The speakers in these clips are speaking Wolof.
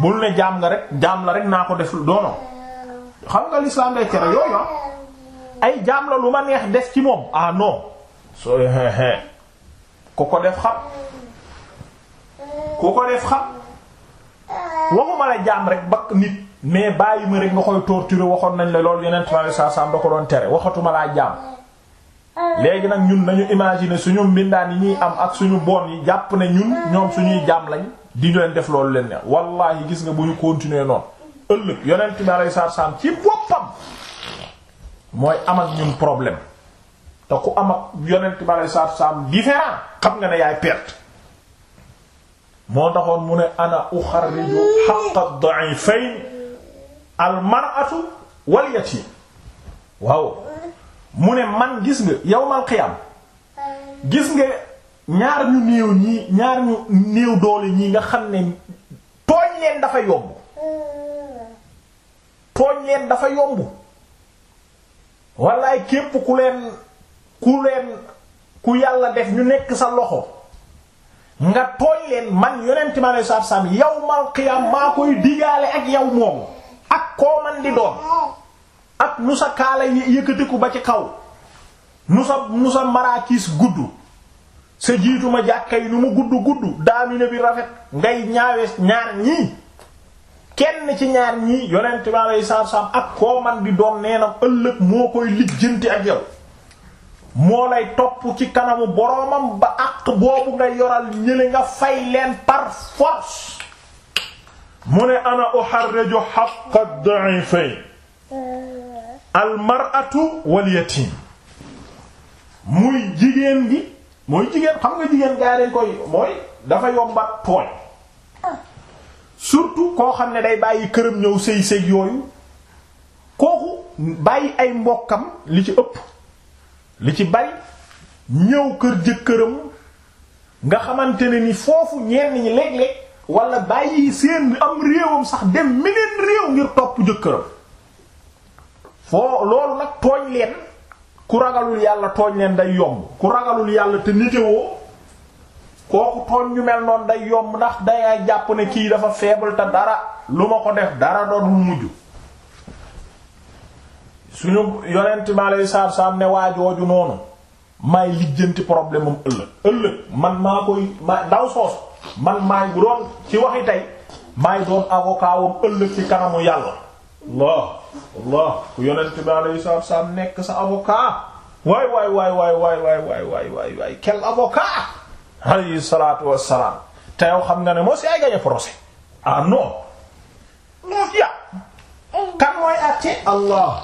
bul ne jaam nga rek jaam la rek naa ko def doono xam nga l'islam day tere yooyu ah. ay jaam la lu ma neex def ci moom ah non so eh, eh, eh. ku ko def xam ku ko def xam waxuma la jaam rek bakk nit mais bàyyi ma rek nga koy torturer waxoon nañ la loolu yeneen traçage saa saa da ko doon tere waxatuma laa jaam. léegi nag ñun nañu imaginer suñu mbindaan yi ñuy am ak suñu bon yi jàpp ne ñun ñoom suñuy jaam lañ di leen def loolu leen ne wallaahi gis nga bu ñu continuer noonu ëllëg yonent bi alayhi salaam ci boppam mooy am ñun problème te ku am ak yonent bi alayhi salaam xam nga ne yaay perte moo taxoon mu ne ana uxarriju haqqa ad-da'ifayn al-mar'atu wal yatim waaw mu ne man gis nga yawmal qiyam gis nga ñaar ñu néew ñii ñaar ñu néew doole ñii nga xam ne tooñ leen dafa yomb tooñ leen dafa yomb wallaay képp ku leen ku leen ku yàlla def ñu nekk sa loxo nga tooñ leen man yonent ma lay saab saab yawmal maa koy digaale ak yow moom ak koo man di doon ak nu sa kaala yëkkatiku ba ci kaw nu sa nu sa maraakiis gudd sa jiituma jàkka yi nu mu gudd gudd daamine bi rafet ngay ñaawe ñaar ñii kenn ci ñaar ñii yonent bi alayhi salaatu salaam ak koo man di doon neenam ëllëg moo koy lijjanti ak yow moo lay topp ci kanamu boroomam ba àq boobu nga yoral ñële nga fay leen par force mu ne ana uharriju haqqa ad-da'ifayn almaratu walyatim muy jigéen gi mooy jigéen xam nga jigéen gaa yi dañ koy mooy dafa yombat tooñ surtout koo xam ne day bàyyi këram ñëw sëy sëy yooyu kooku bàyyi ay mbokkam li ci ëpp li ci bari ñëw kër jëkkëram nga xamante ne ni foofu ñenn ñi léeg-léeg wala bàyyi seen am réewam sax dem meneen réew ngir topp jëkkëram foo loolu nag tooñ leen ku ragalul yàlla tooñ leen day yomb ku ragalul yàlla te nitewoo kooku tooñ ñu mel noonu day yomb ndax dangay jàpp ne kii dafa faible te dara lu ma ko def dara doon mujj suñu yonent ma lay saab saab ne waajooju noonu may lijjanti problème am ëllëg ëllëg man maa koy ma daw soos man maay bu doon ci waxi tey maay doon avocat wam ëllëg ci kanamu yàlla allah allah ku yonent bi alayhi salaatu salaam nekk sa avocat waay waay waay waay waay waay waay waay waay waay quel avocat alayhi salaatu wassalaam te yow xam nga ne moo si ay gañe procès ah non moo ya kan mooy àtte allah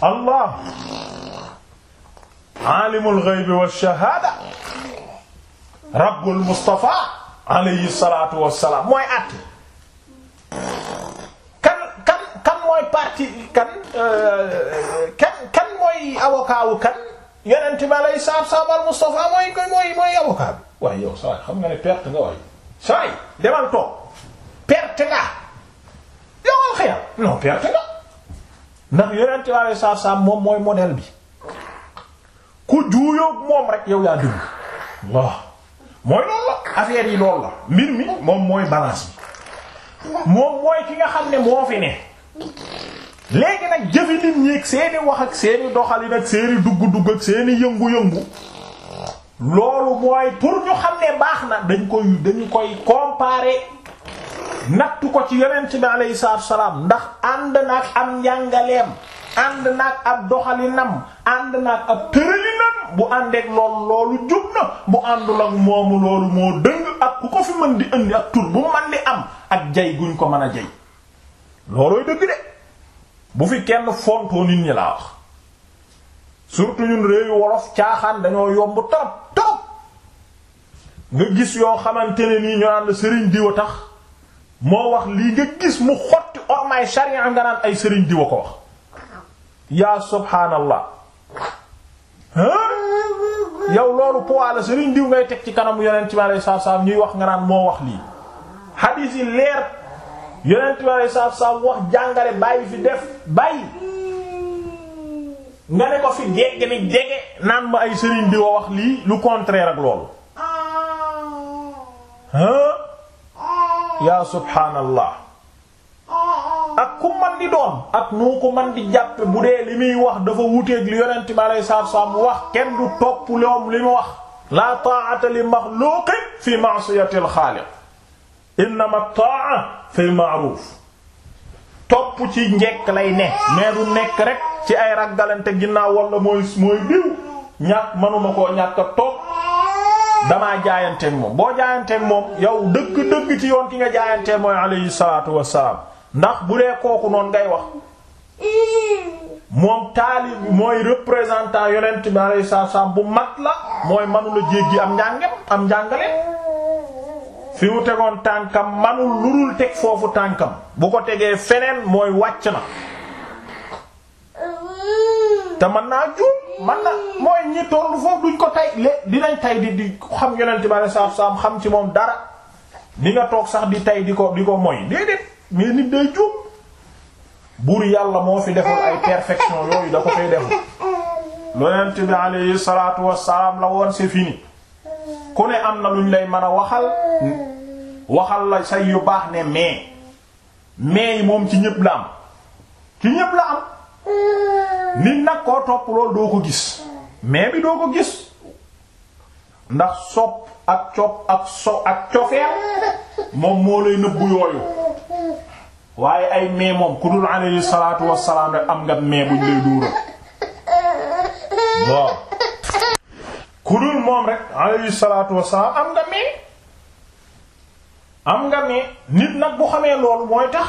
allah aalimul ghaybi wash-shahaada rabbul Mustafa alayhi salaatu wassalaam mooy àtte parti kan euh, kan kan mooy avocat wu kan yeneen tubaab saab saabal Moustapha mooy mooy mooy avocat waaye yow saa xam nga ne perte nga waay. saa demal toog perte nga yow nga xëy na non perte nga ndax yeneen tubaab saab saab moom mooy modèle bi ku juuyoo moom rek yow yaa dugg waaw mooy loolu la affaire yi loolu la mbir mi moom mooy balance bi. moom mooy ki nga xam ne moo fi ne léegi nag jëfi nit ñi ak seeni wax ak seeni doxalin ak seeni dugg-dugg ak seeni yëngu-yëngu loolu mooy pour ñu xam ne baax na dañ koy dañu koy comparer nattu ko ci yonent bi alayhi salaatu salaam ndax ànd naag am njàngaleem ànd naag ab doxalinam ànd naag ab tëralinam bu àndeek loolu loolu jub na bu ànd ak moomu loolu moo dëng ak ku ko fi mën di indi ak tur bu man di am ak jay guñ ko mën a jey loolooy dëgg de bu fi kenn fontoo nit ñi laa wax surtout ñun réewu wolof caaxaan dañoo yomb torop torop nga gis yoo xamante ne nii ñoo naan la sëriñ diwa tax moo wax lii nga gis mu xotti ormaay sharia nga naan ay sëriñ diwa ko wax yaa subhaanallah yow loolu poids la sëriñ diw ngay teg ci kanamu yonent bi alayhi salaam ñuy wax nga naan moo wax lii hadith leer yeneen tubaab yi saaf saaf wax jàngale bàyyi fi def bàyyi nga ne ko fi dégg ni jege naan ma ay sëriñ di wax lii lu contraire ak loolu. ah. yaa subhaanallah. ak ku man di doon ak nu man di jàppe bu dee li muy wax dafa wuteeg li yonent bi aleyhi salaatu salaam wax kenn du topp loom li mu wax. la ta'ata li maxluuqin fi ma'siyatil xaaliq innama ta'a fil ma'ruf topp ci njekk lay ne mais du nekk rek ci ay raggalante ginnaaw wala mooy mooy diw ñàkk manuma koo ñàkk a topp damaa jaayanteeg moom boo jaayanteeg moom yow dëgg dëgg ci yoon ki nga jaayantee mooy alayhi salaatu wassalaam ndax bu dee kooku noon ngay wax moom taalib mooy représentant yonent bi alayhi salaatu wassalaam bu mat la mooy manula jéggi am njàngem am njàngale fi mu tegoon tànkam manul lurul teg foofu tànkam bu ko tegee feneen mooy wàcc na te mën naa juum mën na mooy ñi tollu foofu duñ ko tay le dinañ tay di xam yonent bi aleyhis salaatu wassalaam xam ci moom dara di nga toog sax di tay di ko di ko moy déedéet mais nit day juum buur yàlla moo fi deful ay perfection yooyu da ko fay deful yonent bi aleyhis salaatu wassalaam la woon c'est fini ku ne am na luñ lay mën a waxal waxal la say yu baax ne mais mais yi moom ci ñépp la am ci ñépp la am nit nag koo topp loolu doo ko gis mais bi doo ko gis ndax sopp ak cop ak so ak cofeel moom moo lay nëbbu yooyu waaye ay mais moom ku dul alayhi salaatu wassalaam rek am nga mais buñ lay duural bon rek am nga mais am nga ne nit nag bu xamee loolu mooy tax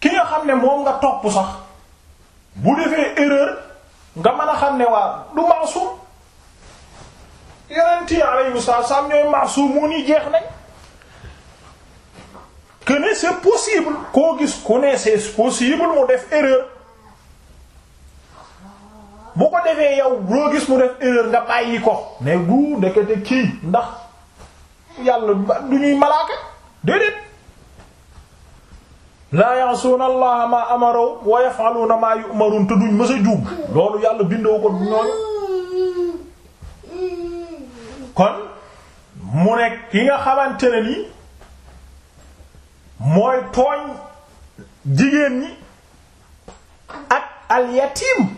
ki nga xam ne moom nga topp sax bu defee erreur nga mën a xam ne waa du maasum yeneen ti alayhi salaam ñooy maasum moo ni jeex nañ këne ne c'est possible koo gis ku ne c'est possible mu def erreur bu ko defee yow loo gis mu def erreur nga bàyyi ko mais bu ndekete kii ndax yàlla du ñuy malaaka déedéet laa ya'suuna allaha maa amaro wa yaf'aluuna maa yu'maruun te duñ mës a juum loolu yàlla bindoo ko ñooñu kon mu nekk ki nga xamante ne mooy tooñ jigéen ñi ak alyatim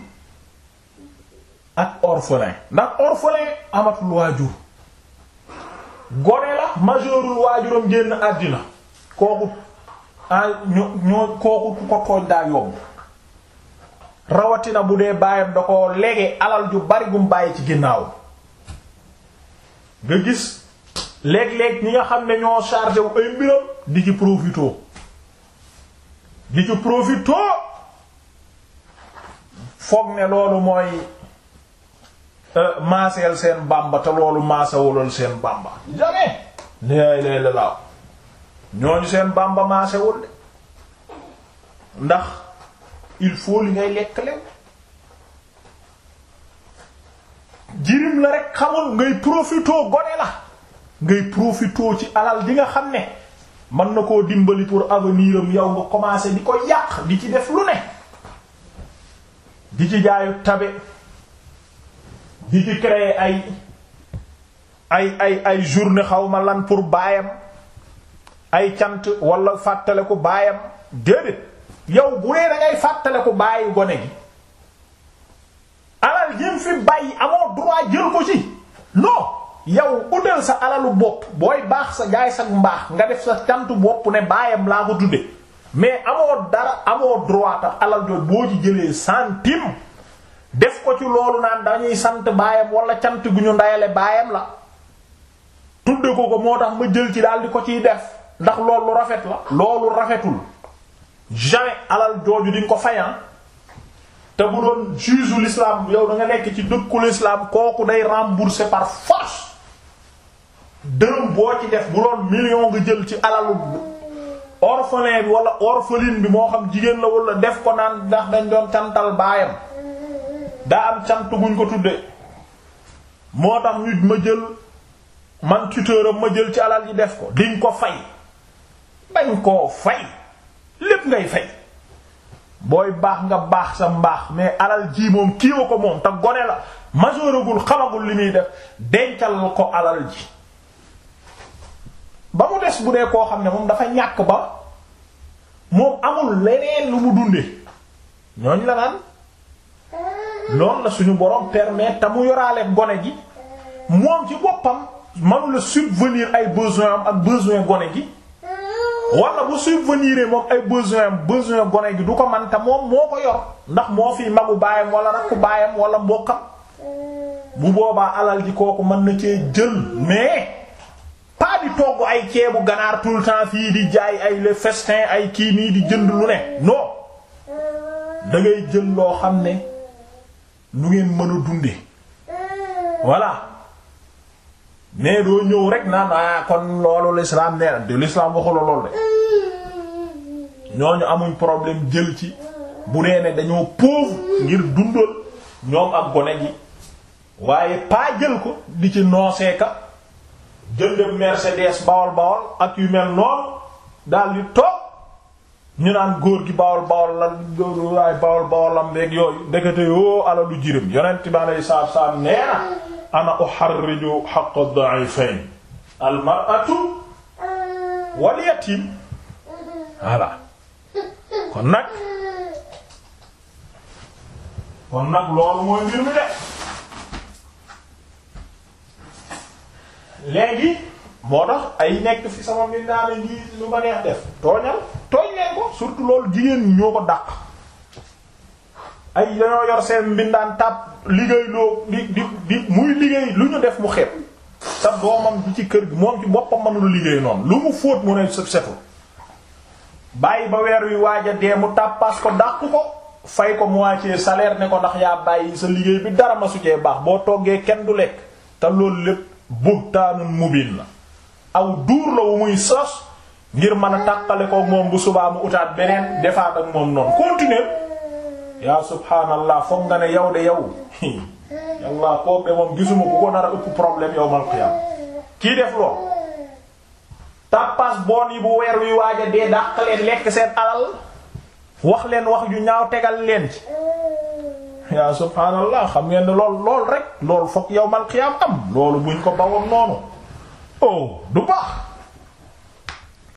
ak orphelin ndax orphelin amatul waajur gone la majeurul waajuram génn àddina kooku ah ñoo ñoo kooku ko tooñ daa yomb rawatina bu dee bàyyam da ko léegi alal ju bari gum bàyyi ci ginnaaw nga gis léeg-léeg ñi nga xam ne ñoo chargé wu ay mbiram di ci profitoo di ci profitoo foog ne loolu mooy maaseel seen bàmba te loolu maasewulal seen bàmba jamais lay lay la ñooñu seen bàmba maasewul de ndax il faut li ngay lekk lew jirim la rek xamul ngay profitoo gone la ngay profitoo ci alal di nga xam ne mën na koo dimbali pour avenir am yow nga commencer di ko yàq di ci def lu ne di ci jaayu tabe di ci créer ay ay ay ay journée xaw ma lan pour baayam ay cant walla fàttale fàttaleku baayam déedéet yow bu dee da ngay fàttaleku baayu gone gi alal jëm fi bàyyi amoo droit jël ko ci non yow utal sa alalu bopp booy baax sa jaay sag mbaax nga def sa cant bopp ne baayam laa ko tudde mais amoo dara amoo droit tax alal jooju boo ci jëlee centime def ko ci loolu naan dañuy sant baayam wala cant gu ñu ndayale baayam la tudde ko ko moo tax ma jël ci daal di ko ciy def ndax loolu rafet la loolu rafetul jamais alal jooju di ko fayan ah. te bu doon juge l'islam yow da nga nekk ci dëkku l'islam kooku day rembourser par force dërëm boo ci def bu doon million nga jël ci alalu orphelin bi wala orpheline bi moo xam jigéen la wala def ko naan ndax dañ doon cantal baayam daa am cant guñ ko tudde moo tax nit ma jël man tuteur am ma jël ci alal ji def ko diñ ko fay bañ koo fay lépp ngay fay booy baax nga baax sa mbaax mais alal ji moom kiiwa ko moom te gone la majooragul xamagul li muy def dencal ko alal ji ba mu des bu dee koo xam ne moom dafa ñàkk ba moom amul leneen lu mu dunde ñooñ la naan noonu na suñu borom permettre te mu yoraale gone gi moom ci boppam manula subvenir ay besoin am ak besoin gone gi wala bu subvenir moom ay besoin am besoin gone gi du ko man te moom moo ko yor ndax moo fi magu baayam wala rakku baayam wala mbokkam bu boobaa alal ji kooku mën na cee jël mais pas di togg ay ceebu ganaar tout le temps fii di jaay ay festin ay kii nii di jënd lu ne non da ngay jël loo xam ne. nu ngeen mën a dunde voilà mais doo ñëw rek naan ah kon loolu l'islam ne de l'islam waxula loolu de ñooñu amuñ problème jël ci bu nee dañoo pauvre ngir dundal ñoom ak gone gi waaye pas jël ko di ci nooseeka jënd Mercedes bawol bawol ak yu mel noonu daal di toog ñu naan góor gi bawol bawol la waaye bawol bawol lam beeg yooyu ndekete yoo alalu jirim yonent bi alayhi salaatu salaam nee na ana uharriju haqqa ad-da'ifayn al-mar'atu wal yatim voilà kon nag kon nag loolu mooy mbir mi de léegi moo tax ay nekk fi sama mbir naa lu ma neex def tooñal tooñ surtout loolu jigéen ñi ñoo ko dàq ay dañoo yor seen mbindaan tàpp liggéey loo di di di muy liggéey lu ñu def mu xeeb te doomam bi ci kër gi moom ci boppam mënul liggéey noonu lu mu fóot mu ne setul bàyyi ba weer wi waaj a dee mu tàppaas ko dàq ko fay ko moitié saleer ne ko ndax yaa bàyyi sa liggéey bi dara ma sujee baax boo toggee kenn du lekk te loolu lépp buxtaanun mubin la aw duur la wu muy sos ngir mën a tàqale ko moom bu subaa mu utaat beneen defaat moom noonu continuer yaa subhaanallah foog nga ne yow de yow yàlla koo de moom gisuma ku ko nar ëpp problème yow mal xiyaam kii def lool tàppaas boon yi bu weer wi waaja dee dàq leen lekk seen alal wax leen wax yu ñaaw tegal leen ci yaa subhaanallah xam ngeen ne lool lool rek lool foog yow mal am loolu buñ ko bawoon noonu oh du baax